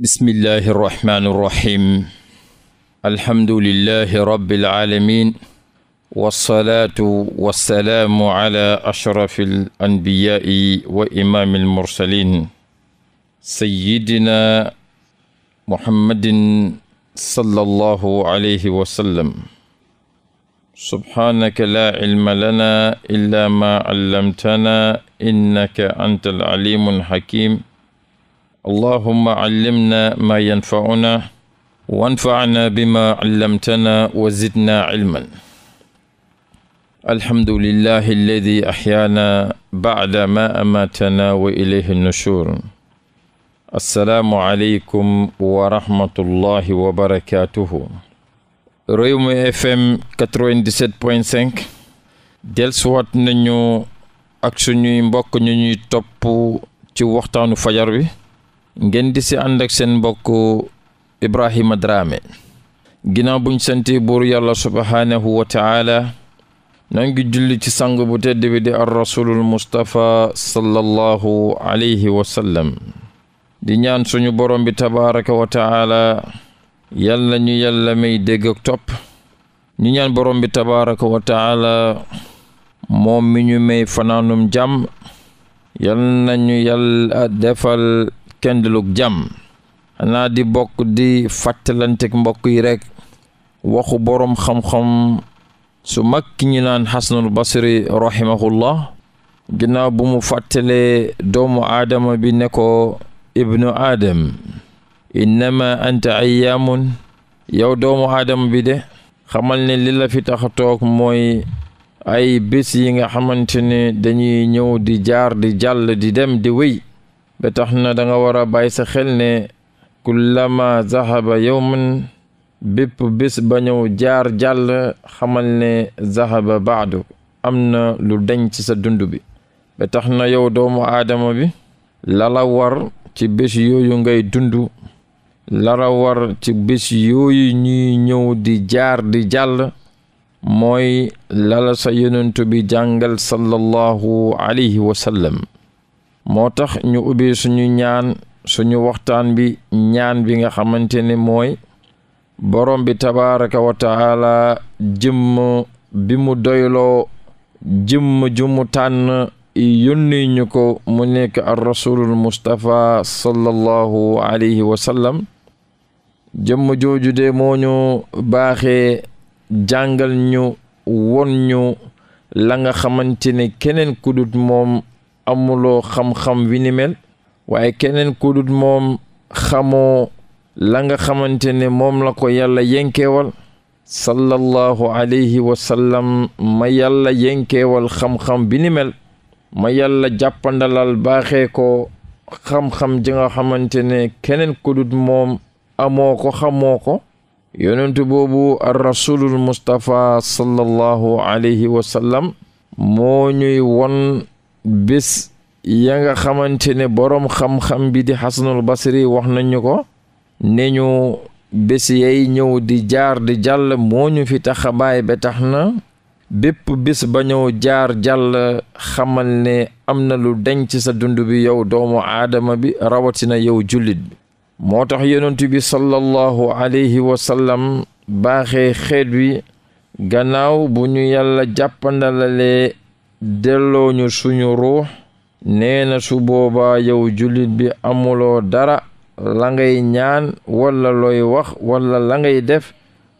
bismillahi irrahmani irrahim alhamdulilahi rabbil alamin wasalaatu wasalaamu ala ashrafi al anbiyaai wa imaami almursalin sayidina muhammadin sallallahu alayhi wa sallam subhaanaka laa cilma lanaa illaa maa callamtanaa innaka anta al alimu alxakim allahuma callimna maa yanfacunaa wa anfacnaa bimaa callamtanaa wa zidnaa cilman alhamdulillahi alladi axyaanaa bacda maa amaatanaa wa ilayhi nushuur assalaamu aleykum wa rahmatullahi wa barakaatuhu Rewmi FM 97.5 dellusiwaat nañu ak suñuy mbokk ñu ñuy topp ci waxtaanu fajar wi ngeen di si ànd ak seen mbokk Ibrahima Dramé ginnaaw buñ sante buur yàlla subhaanahu wa taala noo ngi julli ci sang bu tedd bi di ar rasulul mustapha sallallahu alayhi wa di ñaan suñu borom bi tabaraka wa taala yàlla ñu yàlla may dégg ak topp ñu ñaan borom bi tabaraka wa taala moom mi ñu may fanaanum jàmm yal nañu yàlla defal kenn kendaluk jàmm xanaa di bokk di fàttalanteeg mbokk yi rekk waxu boroom xam-xam su mag ki ñu naan xasanul basri rahimahullah ginnaaw bu mu fàttalee doomu aadama bi ne ko ibnu aadam innama ay ayyaamun yow doomu aadama bi de xamal ne li la fi tax a toog mooy ay bés yi nga xamante ne dañuy ñëw di jaar di jàll di dem di wéy ba tax na danga nga war a bàyyi sa xel ne ku kullama zahaba yowman bépp bés ba ñëw jaar jàll xamal ne zahaba baadu am na lu deñc ci sa dund bi ba tax na yow doomu aadama bi lala war ci bés yooyu ngay dund lara war ci bés yooyu ñuy ñëw di jaar di jàll mooy lala sa yonentu bi jàngal sallallahu alayhi wa moo tax ñu ubbi suñu ñaan suñu waxtaan bi ñaan bi nga xamante ne mooy borom bi tabaraka wa taala jëmm bi mu doyloo jëmm ju tànn yónni ko mu nekk ar rasulul mustapha sallallahu alayhi wa sallam jëmm jooju de moo ñu baaxee jàngal ñu won ñu la nga xamante ne keneen kudut moom amuloo xam-xam wi ni mel waaye kenen ku moom xamoo la nga xamante ne moom la ko yàlla yenkeewal sallallahu alayhi wa sallam ma yàlla yenkeewal xam-xam bi ma yàlla jàppandalal baaxee ko xam-xam ji nga xamante ne keneen ku moom amooko ko xamoo ko yonentu boobu ar sallallahu alayhi wa moo ñuy won bés ya nga xamante ne boroom xam-xam bi di xasanul basri wax nañu ko ne ñu bés yay ñëw di jaar di jàll moo ñu fi tax taxabaay ba tax na bépp bés ba ñëw jaar jàll xamal ne am na lu denc sa dund bi yow doomu aadama bi rawatina yow jullit bi moo tax yonent bi sallallahu alayhi wa baaxee xeet wi gannaaw bu ñu yàlla jàppandalalee delloo ñu suñu ruux nee na su boobaa yow jullit bi amuloo dara la ngay ñaan walla looy wax walla la ngay def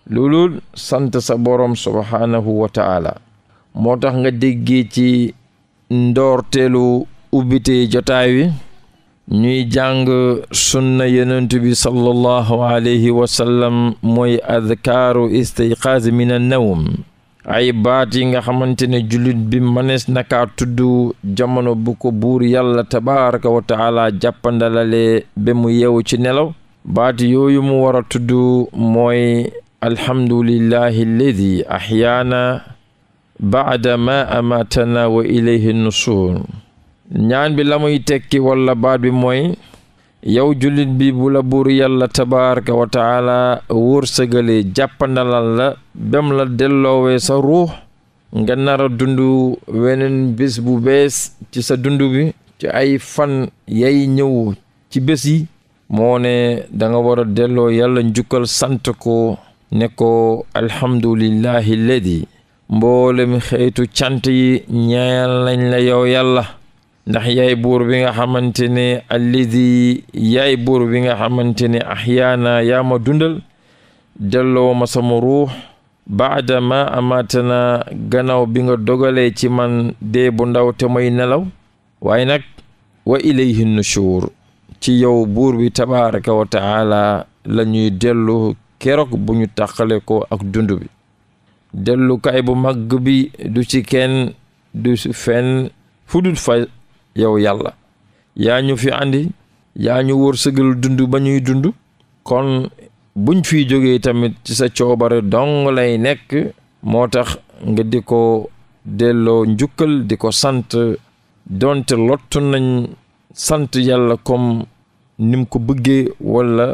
lulul sant sa boroom subhaanahu wa taala moo tax nga déggee ci ndoorteelu ubbite jotaay wi ñuy jàng sunna yonent bi sallallahu alayhi wa sallam mooy adkaaru istayqaaz min an nawm ay baat yi nga xamante ne jullit bi mënees nakaa tudd jamono bu ko buur yàlla tabaraka wa taala jàppandalale mu yeewu ci nelaw baat yooyu mu war a tudd mooy alhamdulillahi alladi ahyaana baada ma amatana wa ilayhi nusuur ñaan bi la tekki walla baat bi mooy yow jullit bi bu la buur yàlla tabaraka wa taala wërsëgalee jàppandalal la bem la delloowee sa ruux nga nar dundu dund weneen bés bu bees ci sa dundu bi ci ay fan yay ñëw ci bés yi moo ne da nga war a delloo yàlla njukkal sant ko ne ko alhamdulillahi ledi mboolem xeetu cant yi ñaayal lañ la yow yàlla ndax yaay buur bi nga xamante ne alladi yaay buur bi nga xamante ne axyaana yaa ma dundal delloo ma sama ruux baada ma amaatana gannaaw bi nga dogalee ci man dee bu ndaw te may nelaw waaye nag wa ilayhi nushur ci yow buur bi tabaraka wa taala lañuy ñuy dellu keroog bu ñu tàqale ko ak dund bi dellukaay bu màgg bi du ci ken du fenn fudut fa yow yàlla yaa ñu fi andi yaa ñu wërsëgal dund ba ñuy dund kon buñ fi jógee tamit ci sa coobar dong nekk moo tax nga di ko delloo njukkal di ko sant donte lottu nañ sant yàlla comme nim ko bëggee walla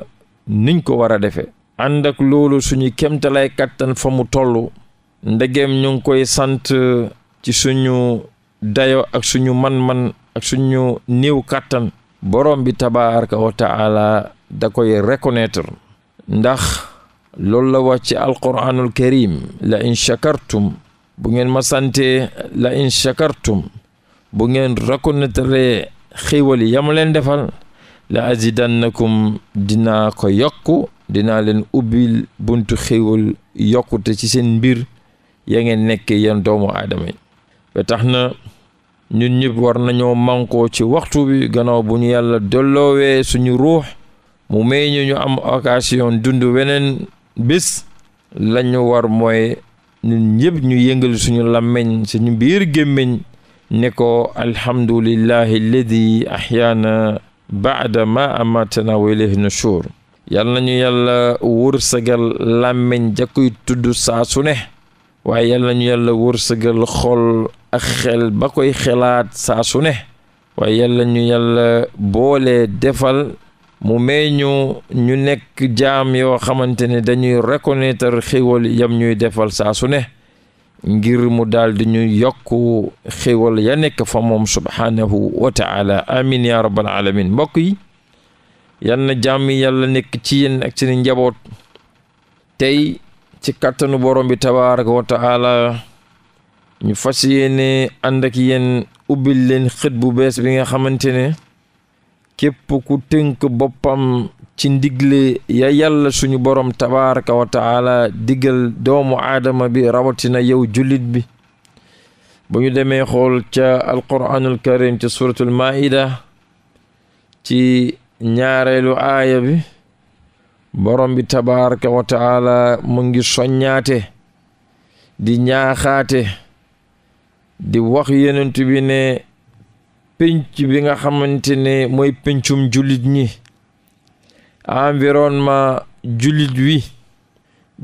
niñ ko war a defee ànd ak loolu suñu kemtalaay kàttan fa mu tollu ndegem ñu koy sant ci suñu dayo ak suñu man-man ak suñu néew kàttan borom bi tabaraka wa taala da koy reconnaître ndax loolu la wax ci alquranul karim la in shakartum bu ngeen ma sante la in shakartum bu ngeen reconnaître xéewal yi yam leen defal la azidannakum dinaa ko yokku dinaa leen ubbil buntu xéewal yokkute ci seen mbir ya ngeen nekk yan doomu aadama yi ba tax na ñun ñëpp war nañoo mànkoo ci waxtu wi ganaaw bu ñu yàlla dolloowee suñu ruux mu may ñu am occasion dund weneen bés lañu war mooy ñun ñëpp ñu yëngal suñu làmmiñ suñu biir gémmiñ ne ko alhamdulillahi alladi ahyaana baada ma amatana wa ilayhi nushur yàlla nañu yàlla wërsagal làmmiñ jakkuy tudd saa su ne waaye yàlla nañu yàlla wërsëgal xool ak xel ba koy xelaat saa su ne waaye yàlla ñu yàlla boole defal mu may ñu ñu nekk jaam yoo xamante ne dañuy reconnaître xéwal yam ñuy defal saa su ne ngir mu daldi di ñu yokk xéwal ya nekk fa moom subhaanahu wa taala ya rabbal alamin mbokk yi yal na jaam yi nekk ci yéen ak seen njaboot tey ci kattanu borom bi tabaraka wa ñu fas yéene ànd ak ubbil leen xët bu bees bi nga xamante ne képp ku tënk boppam ci ndigle ya yàlla suñu borom tabaraka wa diggal doomu aadama bi rawatina yow jullit bi bu ñu demee xool ca alquraanul karim ci suratul maida ci ñaareelu aaya bi borom bi tabaraka wa mu ngi soññaate di ñaaxaate di wax yenentu bi ne pénc bi nga xamante ne mooy péncum jullit ñi environnement jullit wi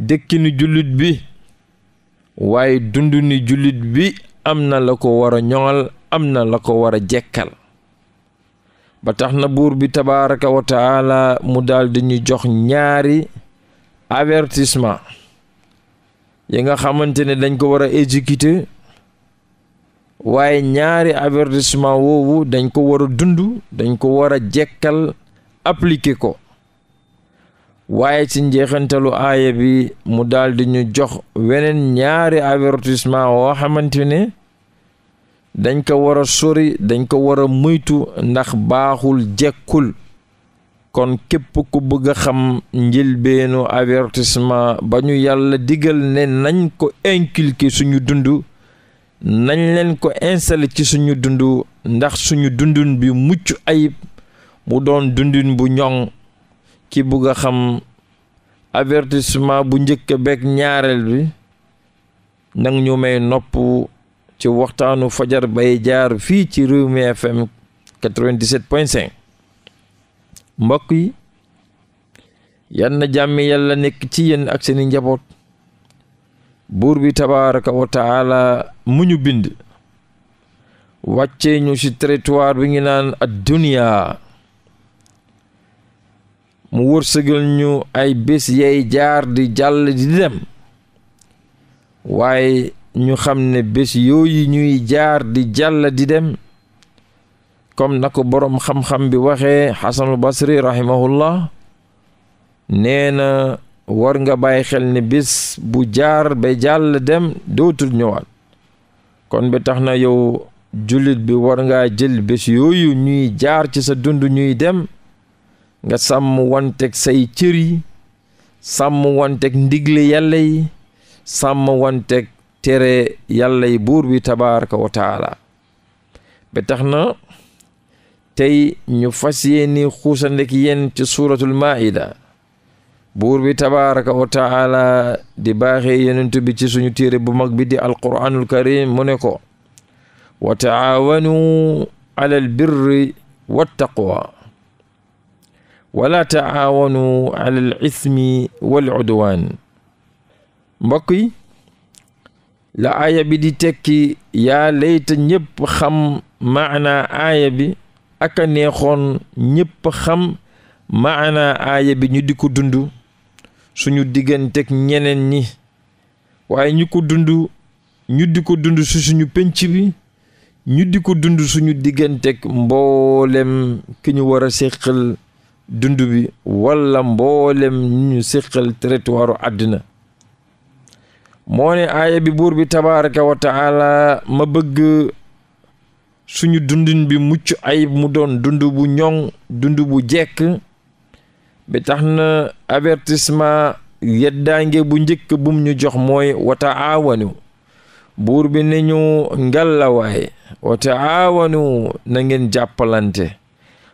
dëkkinu jullit bi waaye dunduni julit bi am na la ko war ñoŋal am na la ko war a jekkal ba tax na buur bi tabaaraka wa taala mu daldi ñu jox ñaari avertissement yi nga xamante ne dañ ko war a exécuter waaye ñaari avertissement woowu dañ ko war a dund dañ ko war a jekkal appliquer ko waaye ci njeexantalu aaya bi mu daldi ñu jox weneen ñaari avertissement woo xamante ne dañ ko war a sori dañ ko war a moytu ndax baaxul jekkul kon képp ku bëgg a xam njëlbeenu avertissement ba ñu yàlla digal ne nañ ko inculquer suñu dund nañ leen ko installer ci suñu dund ndax suñu dundun bi mucc ayib mu doon dundin bu ñoŋ ki bëgg xam avertissement bu njëkk beeg ñaareel bi nag ñu may nopp ci waxtaanu fajar bay jaar fii ci Rewmi FM 97.5 mbokk yi yan na jàmmi yàlla nekk ci yenn ak seeni njaboot buur bi tabaaraka wa mu ñu bind wàccee ñu ci territoire bi ngi naan adduniya mu wërsëgal ñu ay bés yay jaar di jàll di dem waaye ñu xam ne bés yooyu ñuy jaar di jàll di dem comme na ko boroom xam-xam bi waxee xasanul basri rahimahullah nee na war nga bàyyi xel ne bés bu jaar ba jàll dem dootul ñëwaat kon ba tax na yow jullit bi war ngaa jël bés yooyu ñuy jaar ci sa dund ñuy dem nga sàmm wanteg say cër yi sàmm wanteg ndigle yàlla yi sàmm wanteeg tere yàllay buur wi tabaraka wa taala ba tax na tey ñu fas yéeni xuusandek yéen ci suuratul maida buur wi tabaraka wa taala di baaxee yonent bi ci suñu téere bu mag bi di alquraanul karim mu ne ko wa taawanu alal birri wattaqwa wala taawanu alal ismi wal udwan yi la aaya bi di tekki yaa layta ñépp xam maanaa aaya bi ak neexoon ñépp xam maanaa aaya bi ñu di ko dund suñu digganteeg ñeneen ñi waaye ñu ko dund ñu di ko dund si suñu pénc bi ñu di ko dund suñu digganteeg mboolem ki ñu war a séqal dund bi wala mboolem ñu séqal territoire àddina moone ne aaya bi buur bi tabaraka wa taala ma bëgg suñu dundin bi mucc ayib mu doon dund bu ñoŋ dund bu jekk bi tax na avertissement yeddaange bu njëkk bum ñu jox mooy wa taawanu buur bi ne ñu ngàllawaay wa taawanu na ngeen jàppalante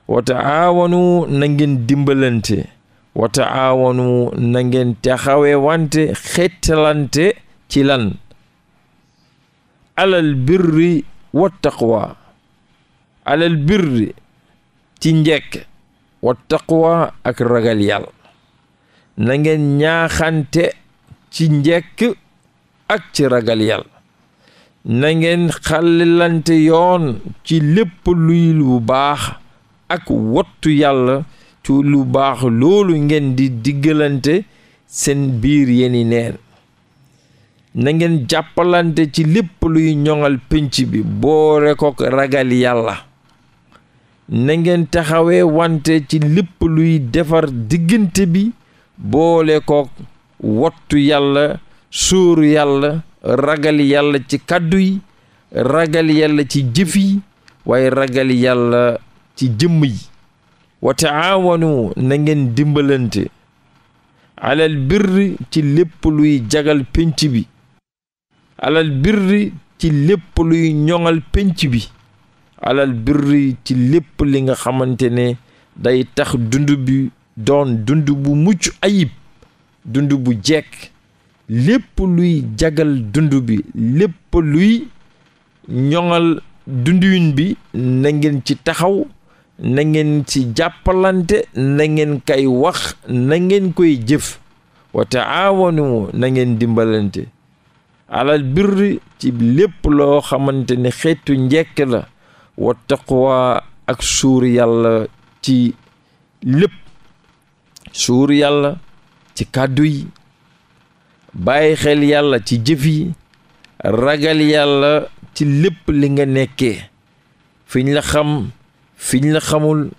wa taawanu na ngeen dimbalante wa taawanu na ngeen taxawee wante xettalante ci lan alal birri wa alal birri ci njekk wa ak ragal yàlla na ngeen ñaaxante ci njekk ak ci ragal yàlla na ngeen xallilante yoon ci lépp luy lu baax ak wattu yàlla lu baax loolu ngeen di diggalante seen biir yeni neen na ngeen jàppalante ci lépp luy ñoŋal pénc bi boore ko ragal yàlla na ngeen taxawee wante ci lépp luy defar diggante bi boole ko wattu yàlla suuru yàlla ragal yàlla ci kàddu yi ragal yàlla ci jëf yi waaye ragal yàlla ci jëmm yi wa taawanu na ngeen dimbalante alal birri ci lépp jagal pénc bi alal birri ci lépp luy ñoŋal pénc bi alal birri ci lépp li nga xamante ne day tax dund doon dund bu mucc ayib dund bu jekk lépp jagal dund bi lépp luy ñoŋal dundin bi na ngeen ci taxaw na ngeen ci jàppalante na ngeen kay wax na ngeen koy jëf wa taawanu nangeen dimbalante alal birri ci lépp loo xamante ne xeetu njekk la wa taqwa ak suur yàlla ci lépp suur yàlla ci kàddu yi bàyyi xel yàlla ci jëf yi ragal yàlla ci lépp li nga nekkee fiñ la xam fiñ la xamul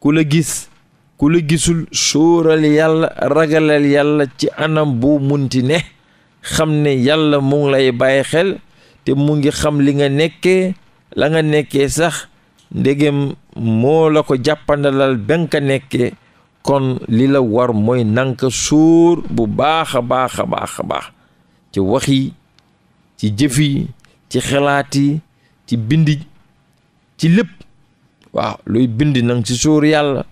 ku la gis ku la gisul sóoral yàlla ragalal yàlla ci anam bu munti ne xam ne yàlla mu lay bàyyi xel te mu ngi xam li nga nekkee la nga nekkee sax ndegem moo la ko jàppandalal benk ka nekkee kon li la war mooy nanka suur bu baaxa a baax a baax ci wax yi ci jëf ci xalaat yi ci bindi ci lépp luy bind na nga ci sóor yàlla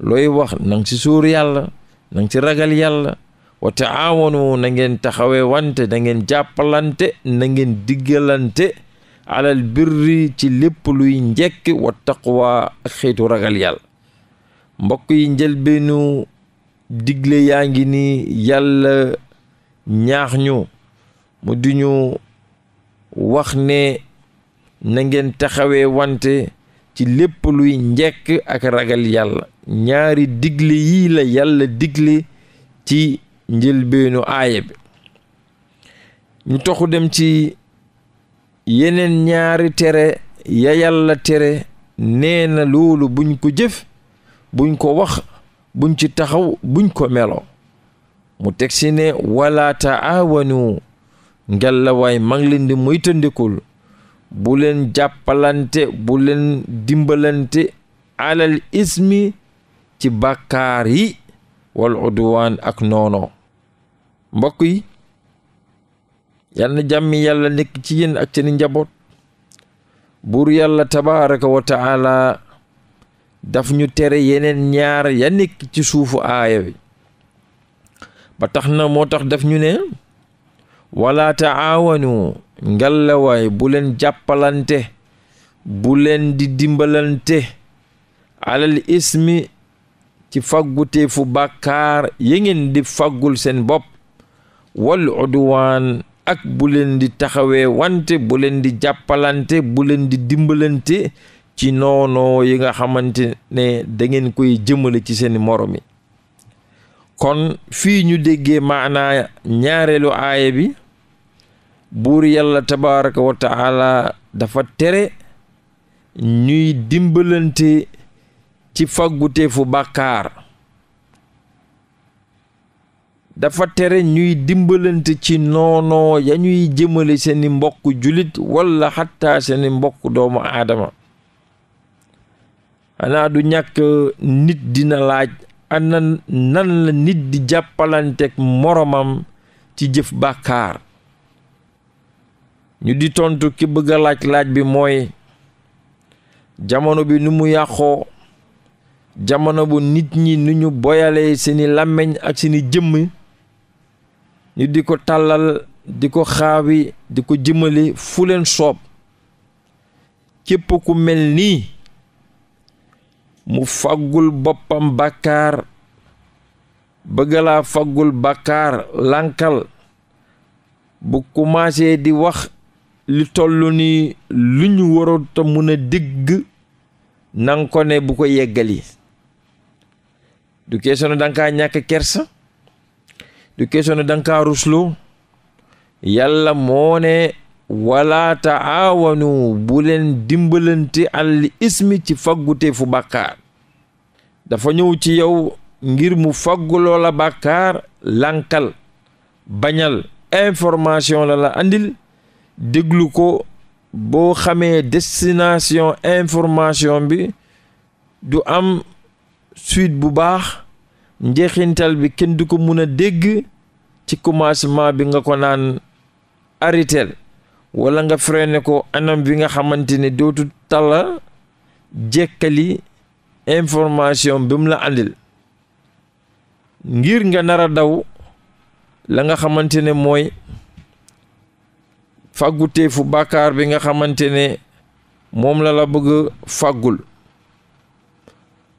looy wax na ci sóor yàlla na ci ragal yàlla wa taawanu na ngeen taxawee wante na jàppalante nangeen ngeen diggalante alal birri ci lépp luy njekk wa taqwa ak xeetu ragal yàlla mbokk yi njëlbeenu digle yaa ngi ni yàlla ñaax ñu mu di ñu wax ne na ngeen taxawee wante ci lépp luy njekk ak ragal yàlla ñaari digle yii la yàlla digle ci njëlbeenu aaya bi ñu toxu dem ci yeneen ñaari tere ya yàlla tere neena na loolu buñ ko jëf buñ ko wax buñ ci taxaw buñ ko melo mu teg si ne wala taawanu ngalla waay ma ngi di moytandikul buleen leen jàppalante bu leen dimbalante alal ismi ci bàkkaar yi wal udwaan ak noono mbokk yi yal na jàmmi yàlla nekk ci ak seeni njaboot buur yàlla tabaaraka wa daf ñu tere yeneen ñaar ya nekk ci suufu aaya bi ba tax na moo tax daf ñu ne wala taawanu ngalawaay buleen jàppalante bu di dimbalante alal ismi ci faggutee fu bàkkaar yi ngeen di faggul seen bopp wal uduwaan ak buleen di taxawee wante buleen di jàppalante bu di dimbalante ci noonoo yi nga xamante ne da ngeen koy jëmale ci seen morom yi kon fii ñu déggee maanaa ñaareelu aaya bi buur yàlla tabaraka wa taala dafa tere ñuy dimbalante ci fagguteefu bàkkaar dafa tere ñuy dimbalante ci noonoo ya ñuy jëmale seeni mbokk julit walla xattaa seeni mbokk doomu aadama xanaa du ñàkk nit dina laaj ana nan la nit di jàppalanteek moromam ci jëf bàkkaar ñu di tontu ki bëgg laaj laaj bi mooy jamono bi nu mu yàqoo jamono bu nit ñi nu ñu boyalee seeni làmmiñ ak seeni jëmm ñu di ko tàllal di ko xaawi di ko jëmale fu leen soob képp ku mel nii mu faggul boppam bàkkaar bëgga laa faggul bàkkaar lànkal bu commencé di wax li toll ni lu ñu warata mun a digg nanga ko bu ko yeggali du question ne danga kaa ñàkk kersa du question ne yàlla moo ne wala taawanu bu leen dimbalante al ismi ci faggute fu bàkkaar dafa ñëw ci yow ngir mu fagguloo la bàkkaar lankal bañal information la la andil déglu ko boo xamee destination information bi du am suite bu baax njeexintal bi kenn du ko mun a dégg ci commencement bi nga ko naan aritel wala nga freiné ko anam bi nga xamante ne dootu tala jekkali information bi mu la àndil ngir nga nara daw la nga xamante ne mooy fàgguteefu bàkkaar bi nga xamante ne moom la la bëgg fàggul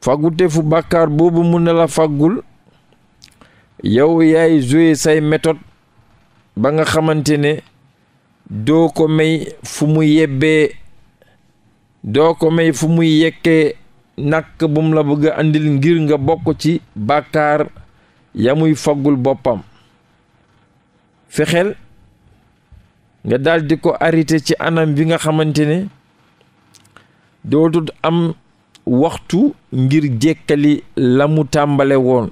fàgguteefu bàkkaar boobu mun na la fàggul yow yaay joué say méthode ba nga xamante ne doo ko may fu ko may fu muy yekkee nakk bu mu la bëgg a ngir nga bokk ci bàkkaar ya muy faggul boppam fexeel nga daal ko arrêté ci anam bi nga xamante ne dootul am waxtu ngir jekkali la mu tàmbale woon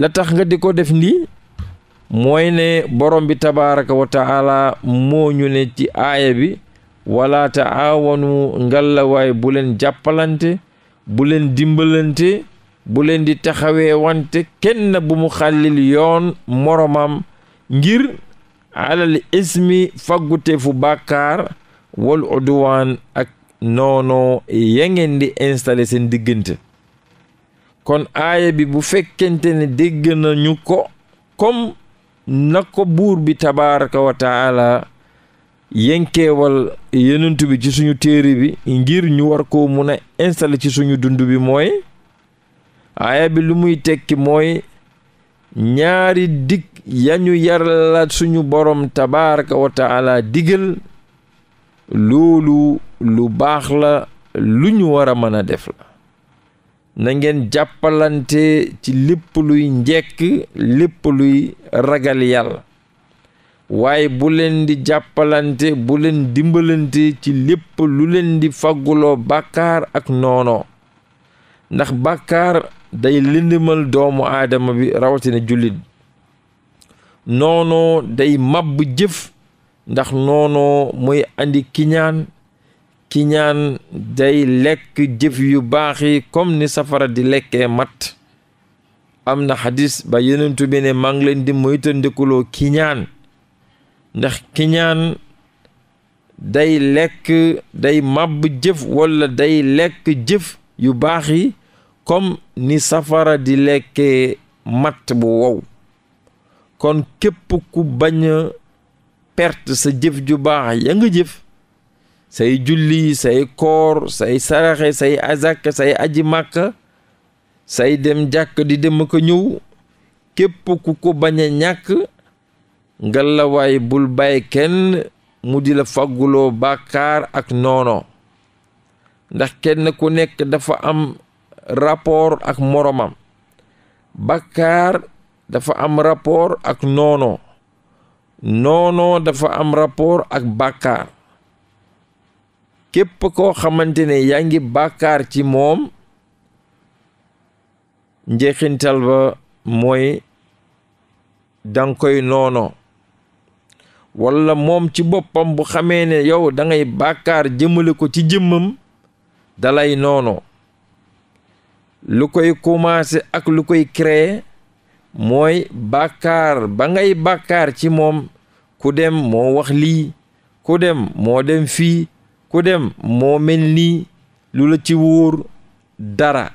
la tax nga di ko def nii mooy ne borom bi tabaraka wa taala moo ne ci aaya bi wala taawanu ngallawaay bu leen jàppalante bu dimbalante bu leen di taxawee wante kenn bu mu xàllil yoon moromam ngir Ah. alal ismi faggute fu bàkkaar wal uduwaan ak noonoo yengeen di installé seen diggante kon aaya bi bu fekkente ne dégg nañu ko comme na ko buur bi tabaraka wa yenkeewal yenentu bi ci suñu téere bi ngir ñu war ko mun a installé ci suñu dund bi mooy aaya bi lumuy tekki mooy ñaari dig yañu yàlla suñu borom tabaraka wa taala digal lu baax la lu ñu war a mën def na ngeen jàppalante ci lépp luy njekk lépp luy ragal yàlla waaye bu leen di jàppalante bu leen dimbalante ci lépp lu leen di fagguloo bàkkaar ak noono ndax bàkkaar day lindimal doomu aadama bi rawatina jullit noonoo day mabb jëf ndax noonoo mooy andi kiñaan kiñaan day lekk jëf yu baax yi comme ni safara di lekkee matt am na xadis ba yenentu bi ne maa leen di moytandikuloo kiiñaan ndax kiñaan day lekk day mabb jëf walla day lekk jëf yu baax yi comme ni safara di lekkee matt bu wow kon képp ku bañ a sa jëf ju baax ya nga jëf say julli say kor say saraxe say azak say aji màkk say dem jàkk di dem ko ñëw képp ku ko bañ a ñàkk ngalawaay bul bàyyi kenn mu di la fagguloo bàkkaar ak noono ndax kenn ku nekk dafa am rapport ak moromam bakkaar dafa am rapport ak noonoo noonoo dafa am rapport ak bakkaar képp koo xamante ne yaa ngi bakkaar ci moom njeexintal ba mooy danga koy noono walla moom ci boppam bu xamee ne yow dangay ngay bàkkaar ko ci jëmmam dalay noono lu koy commencé ak lu koy créer mooy bàkkaar ba ngay bàkkaar ci moom ku dem moo wax ku dem moo dem fii ku dem moo mel nii lu la ci wuur dara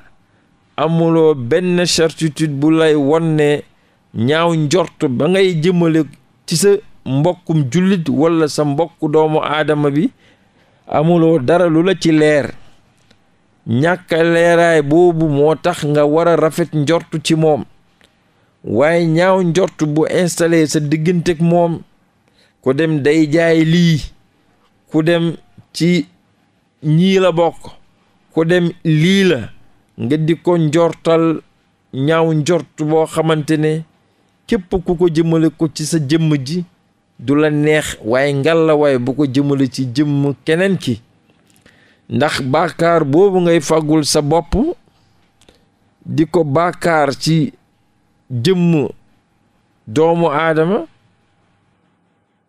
amuloo benn certitude bu lay wonne ñaaw njort ba ngay jëmale ci sa mbokkum jullit walla sa mbokku doomu aadama bi amuloo dara lu la ci leer ñàkk leeraay boobu moo tax nga war a rafet njortu ci moom waaye ñaaw njort bu installé sa digganteeg moom ku dem day jaay lii ku dem ci ñii la bokk ku dem lii la nga di ko njortal ñaaw njort boo xamante ne képp ku ko jëmale ko ci sa jëmm ji du la neex waaye ngalla waaye bu ko jëmale ci jëmm keneen ki ndax bàkkaar boobu ngay fagul sa bopp di ko bakkaar ci jëmm doomu aadama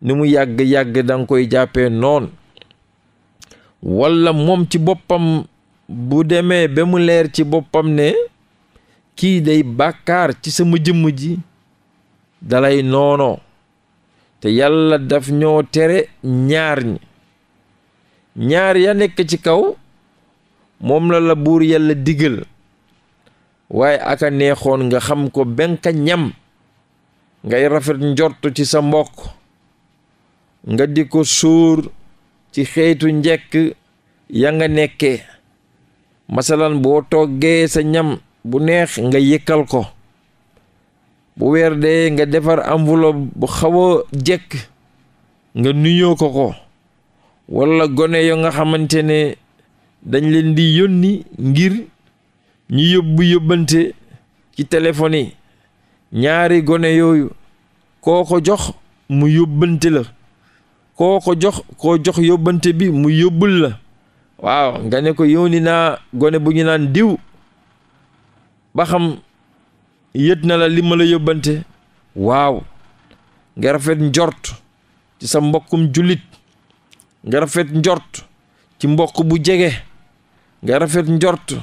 ni mu yàgg-yàgg danga koy jàppee noon walla moom ci boppam bu demee ba mu leer ci boppam ne kii day bàkkaar ci sama jëmm ji dalay noonoo te yàlla daf ñoo tere ñaar ni ñaar ya nekk ci kaw moom la la buur yàlla digal waaye aka neexoon nga xam ko benka ñam ngay rafet njort ci sa mbokk nga di ko suur ci xeetu njekk ya nga nekkee masalan boo toggee sa ñam bu neex nga yëkkal ko bu weer dee nga defar enveloppe bu xaw a jekk nga nuyoo ko ko wala gone yoo nga xamante ne dañ leen di yónni ngir ñu yóbbu yóbbante ci téléphone yi ñaari gone yooyu koo jox mu yóbbante la kooko ko jox koo jox yóbbante bi mu yóbbul la waaw nga ne ko yónni naa gone bu ñu naan diw ba xam yët na la limala yóbbante waaw nga rafet njort ci sa mbokkum jullit nga rafet njort ci mbokk bu jege nga rafet njort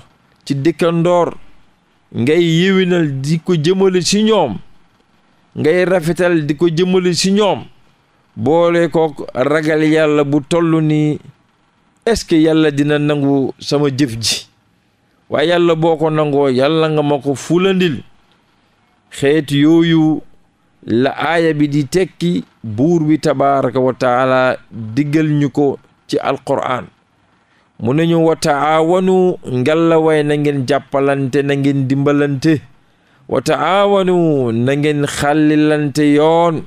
ci dëkkandoor ngay yéwinal di ko jëmale ci ñoom ngay rafetal di ko jëmale si ñoom boole ko ragal yàlla bu toll nii est-ce que yàlla dina nangu sama jëf ji waa yàlla boo ko nangoo yàlla nga ma ko fulandil xeet yooyu la aaya bi di tekki buur bi tabaraka wa taala diggal ko ci alqur'an mu nañu ñu wa taawanu ngalla waay na ngeen jàppalante ngeen dimbalante wa taawanu na ngeen xàllilante yoon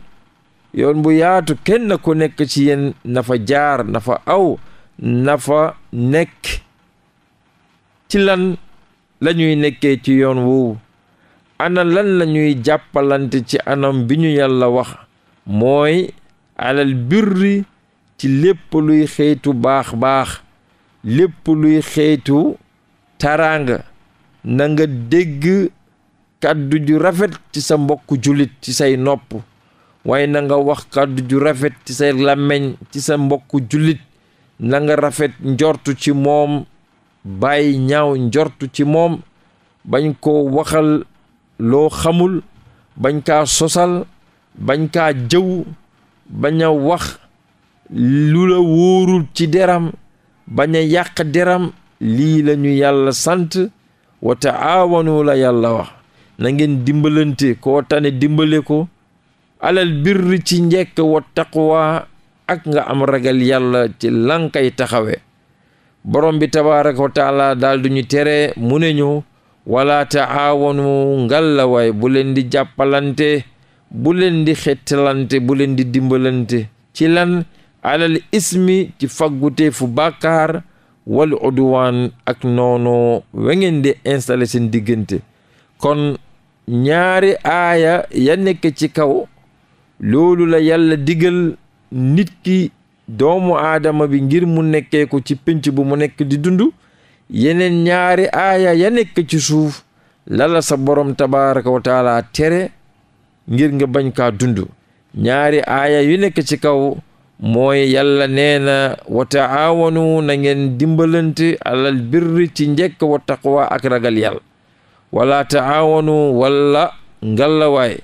yoon bu yaatu kenn ku nekk ci yen nafa jaar nafa aw nafa nekk ci lan la ñuy nekkee ci yoon woowu ana lan lañuy jàppalante ci anam bi ñu yàlla wax mooy alal birri ci lépp luy baax-baax lépp luy xeetu taraanga nanga nga dégg kàddu ju rafet ci sa mbokku jullit ci say nopp waaye na nga wax kàddu ju rafet ci say làmmiñ ci sa mbokku jullit na nga rafet njortu ci moom bàyyi ñaaw njortu ci moom bañ ko waxal loo xamul bañ ka sosal bañ kaa jëw bañ a wax lu la wóorul ci deram bañ a yàq deram lii lañu yàlla sant wote taawanu yàlla wax na ngeen dimbalante koo tane dimbale ko alal birri ci njekk wa taqwa ak nga am ragal yàlla ci lankay taxawe borom bi tabaraka wa taala daal tere mu ne ñu wala taawanu ngallawaay bu leen di jàppalante bu leen di xettalante bu leen di dimbalante ci lan alal ismi ci faggute fu bàkkaar wal uduwaan ak noonoo we ngeen di installé seen diggante kon ñaari aaya ya nekk ci kaw loolu la yàlla digal nit ki doomu aadama bi ngir mu nekkeeku ci pénc bu mu nekk di dund yeneen ñaari aaya ya ci suuf lala sa borom tabaraka wa tere ngir nga bañ kaa dund ñaari aaya yu nekk ci kaw mooy yalla neena wote wa taawanu na ngeen dimbalante alal birri ci njekk wa taqwa ak ragal yàlla wala taawanu walla ngallawaay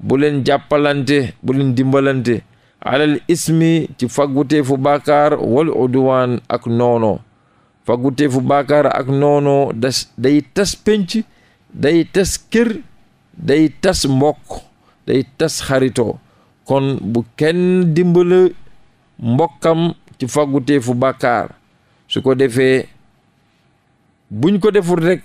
bu leen jàppalante bu leen dimbalante alal ismi ci fagguteefu bàkkaar wal udwaan ak noono fagguteefu baakaar ak noonu das day tas penc day tas kër day tas mbokk day tas xaritoo kon bu kenn dimbala mbokkam ci fagguteefu baakaar su ko defee buñ ko deful rek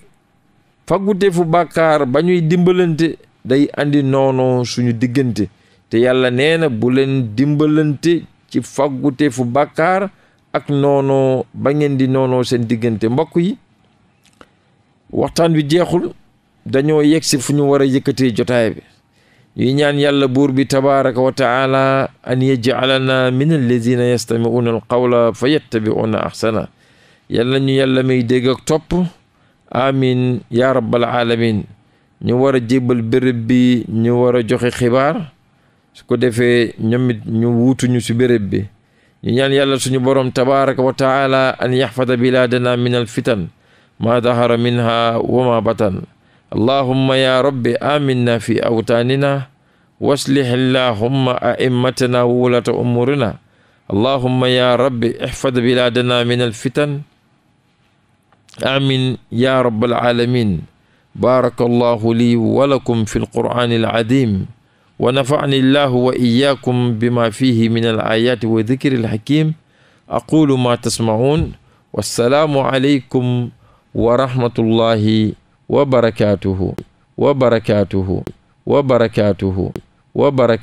fagguteefu baakaar ba ñuy dimbalante day andi noonu suñu diggante te yàlla nee na bu leen dimbalante ci fagguteefu baakaar ak noonoo ba ngeen di noonoo seen diggante mbokk yi waxtaan wi jeexul dañoo yegg si fu ñu war a yëkkatee jotaay bi ñuy ñaan yàlla buur bi tabaraka wa taala an yaj'alana min alladina yastami'una alqawla fa yattabi'una ahsana yàlla ñu yàlla may dégg topp amin ya rabbal alamin ñu war a jébbal béréb bi ñu war a joxe xibaar su ko defee ñoom it ñu wuutuñu si béréb bi ñu ñaan yàlla suñu boroom tabaraka wa taala an yaxfada bilaadana min alfitan maa dahara minha wa ma batan allahumma ya rabbi aminna fi awtaanina waslih allahumma a'immatana wa wulata umurina allahumma ya rabbi ihfad bilaadana min alfitan amin ya rabbal alamin baraka allahu lii wa lakum fi alqur'ani aladim wa nafani llahu wa iyaakum bima fihi min al ayaati wa dikri al hakim aqulu ma tasmaun wassalaamu aleykum wa rahmatullahi wa barakatuhu wa barakatuhu wa barakatuhu wa barakatuhu